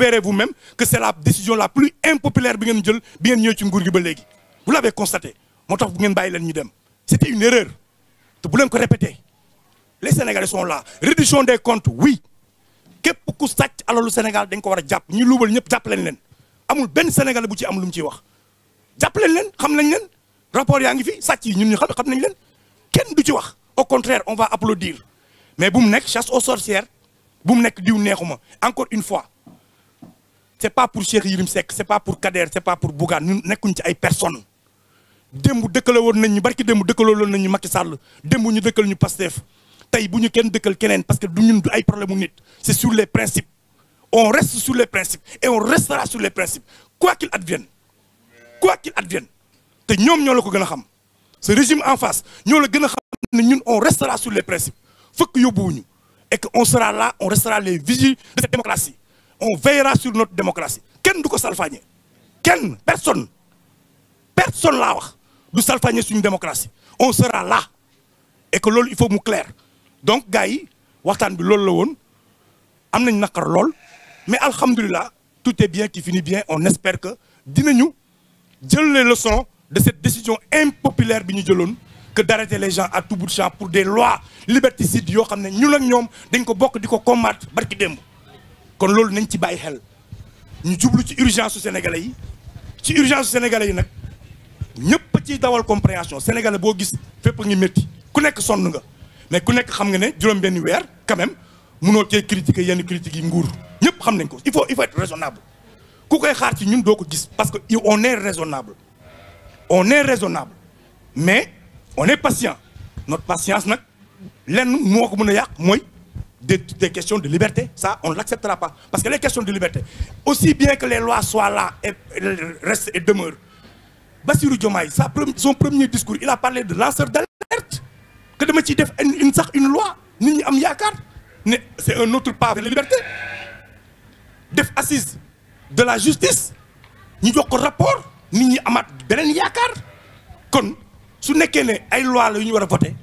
verrez vous-même que c'est la décision la plus impopulaire bi vous avez bi ngeen ñëw ci ba vous l'avez constaté moo bu ngeen c'était une erreur te bu leen ko répéter les Sénégalais sont là réduction des comptes oui képp ku à alalu Sénégal dañ ko war a jàpp ñu luubal ñëpp jàpp leen Sénégalais bu ci am lu Ils ciy wax jàpp leen leen xam nañ leen rapport yaa fi sacc yi ñun ñu xam nañ leen kenn du ci wax au contraire on va applaudir mais bu mu chasse aux sorcières bu mu nekk diw encore une fois c'est pas pour Cheikh Yérim Seck c'est pas pour Kader c'est pas pour Bouga. ñun nekkuñ ci ay personnes démb dëkkale won nañu barki démb dëkkale lon nañu ñu Macky Sall démb ñu dëkkal ñu Pastef tay buñu kenn dëkkal keneen parce que du ñun du ay problème nit c'est sur les principes on reste sur les principes et on restera sur les principes quoi qu'il advienne quoi qu'il advienne te ñom ñoo la ko gëna xam ce régime en face ñoo la gën xam ñun on restera sur les principes fëkk yóbbuwuñu et que on sera là on restera les vigiles de cette démocratie on veillera sur notre démocratie Ken du salfagne. salfaañe personne personne là wax du sur une démocratie on sera là et que l'eau, il faut nous clair donc Gaï, watan de bi loolu la woon mais alhamdulillah tout est bien qui finit bien on espère que dinañu jël les leçons de cette décision impopulaire bi que d'arrêter les gens à tout bout de champ pour des lois liberticides yoo xam ne ñun ak dañ ko bokk de kon loolu nañ ci bàyyi xel ñu jublu ci urgence su sénégalais yi ci urgence su sénégalais yi nag ñëpp a dawal compréhension sénégalais boo gis fépp ngi métti ku nekk sonn mais ku nekk xam nga ne juróom-benn weer quand même munoo cee critiquer yenn critiques yi nguur ñëpp xam nañ ko il faut il faut être raisonnable ku koy xaar ci ñun doo ko gis parce que on est raisonnable on est raisonnable mais on est patient notre patience nag lenn moo ko mën a yàq des, questions de liberté, ça, on ne l'acceptera pas. Parce que les questions de liberté, aussi bien que les lois soient là et, restent et demeurent, Bassirou Diomaye, son premier discours, il a parlé de lanceur d'alerte, que de mettre une, une, loi, c'est un autre pas de la liberté. Def assise de la justice, nous avons un rapport, ni Amat un yakar. Donc, si nous avons une loi, nous avons voté,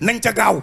nous avons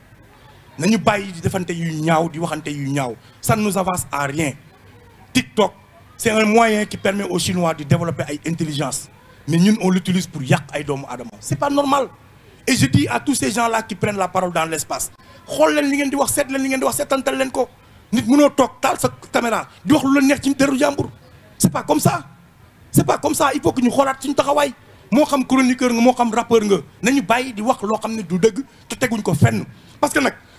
nañu bàyyi di defante yu ñaaw di waxante yu ñaaw ça ne nous avance à rien TikTok c'est un moyen qui permet aux Chinois de développer ay intelligence mais ñun on l'utilise pour yàq ay doomu aadama c'est pas normal et je dis à tous ces gens-là qui prennent la parole dans l'espace xool leen li ngeen di wax seet leen li ngeen di wax seetantal leen ko nit mënoo toog taal sa caméra di wax lu la neex ci deru jàmbur c'est pas comme ça c'est pas comme ça il faut que ñu xoolaat suñu taxawaay moo xam chroniqueur nga moo xam rappeur nga nañu bàyyi di wax loo xam ne du dëgg te teguñ ko fenn parce que nag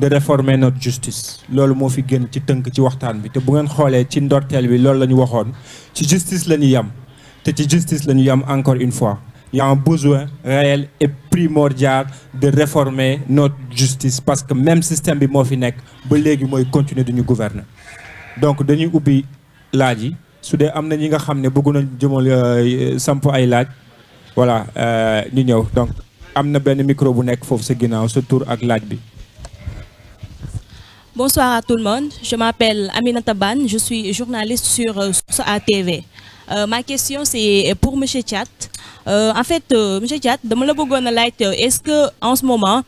de réformer notre justice loolu moo fi gën ci teunk ci waxtaan bi te bu ngeen xolé ci ndortel bi loolu lañu ñu waxoon ci justice lañu yam yem te ci justice lañu yam encore une fois il y a un besoin réel et primordial de réformer notre justice parce que même système bi mo fi nek ba légui moy continuer de duñu gouverner donc dañuy ubi laaji su dee amna ñi nga xam ne bëggu nañ jëmal euh, samp ay laaj voilà euh ñu ñëw donc amna ben micro bu nek fofu sa ginnaaw ce tour ak laaj bi Bonsoir à tout le monde. Je m'appelle Amina Taban, Je suis journaliste sur euh, Source TV. Euh, ma question, c'est pour M. Tchat. Euh, en fait, M. Tchat, est-ce qu'en ce moment,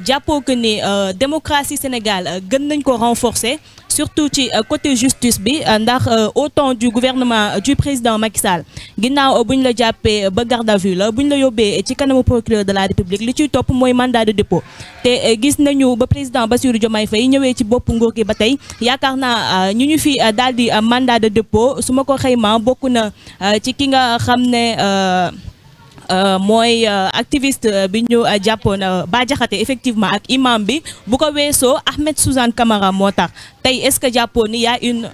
Diapo que démocratie est renforcée surtout ci euh, côté justice bi euh, ndax euh, autant du gouvernement du président Macky Sall ginnaw buñ la jappé ba garde à vue la buñ la yobé ci kanam procureur de la république li ci top moy mandat de dépôt té gis nañu ba président Bassirou Diomaye Faye ñëwé ci bop nguur gi batay yakarna yaakaar ñu ñu fi daldi mandat de dépôt su ma ko xayma bokk na ci ki nga xamné euh, Moi, euh, activiste euh, bi ñu Japon. ba Diakhaté effectivement ak imam bi bu ko Ahmed Suzanne Camara motar tay est-ce que Japon, il y a une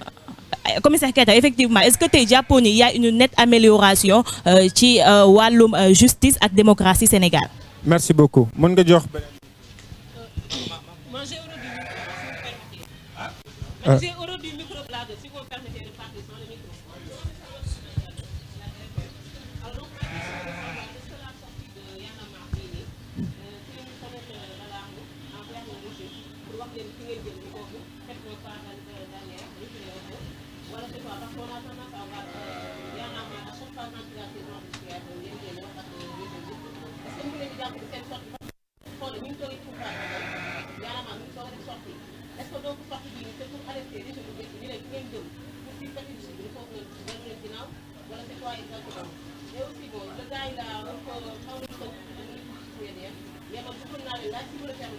commissaire Keita effectivement est-ce que tay Japon, il y a une nette amélioration ci walum justice ak démocratie Sénégal. merci beaucoup Mon nga jox beneen.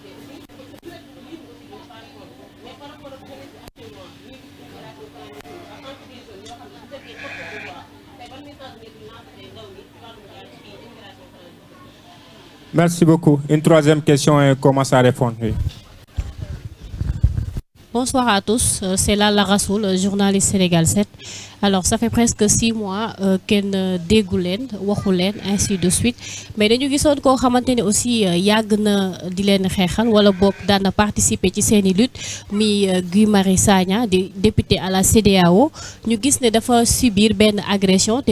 Gracias. Merci beaucoup. Une troisième question et commence à répondre. Bonsoir à tous, euh, c'est Lala Rasoul, journaliste Sénégal 7. Alors, ça fait presque six mois qu'elle euh, dégouline, leen waxu ainsi de suite mais nous avons aussi euh, yagne un di leen xeexal wala participer à cette lutte mi Guy Marie Sagna député à la CDAO, nous gis ne dafa subir des agression